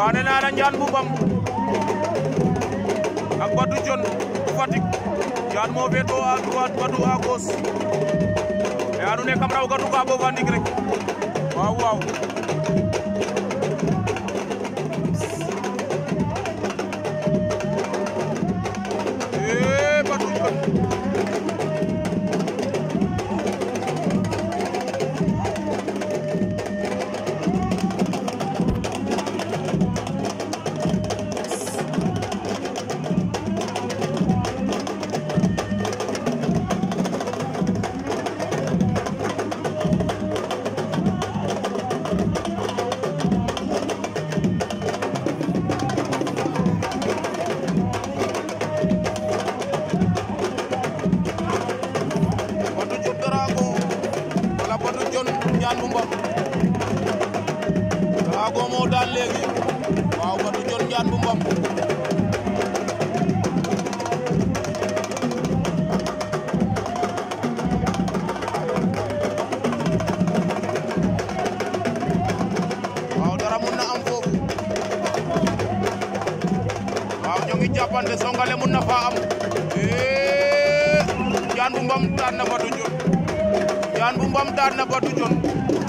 waaw nee naa la Ndiane bu Bambou ak Badou Dione bu Fatick Ndiane moo féetoo à droite Badou à gauche mais anu ne kam raw gadu ka bo Fatick rek waaw waaw Tyson Ndiane bu Ngor Drago dara mun na am foofu waaw ñoo ngi songale mun na am Ndiane bu Ngor daan na fa Diane bu Ngom daan na Botu Jon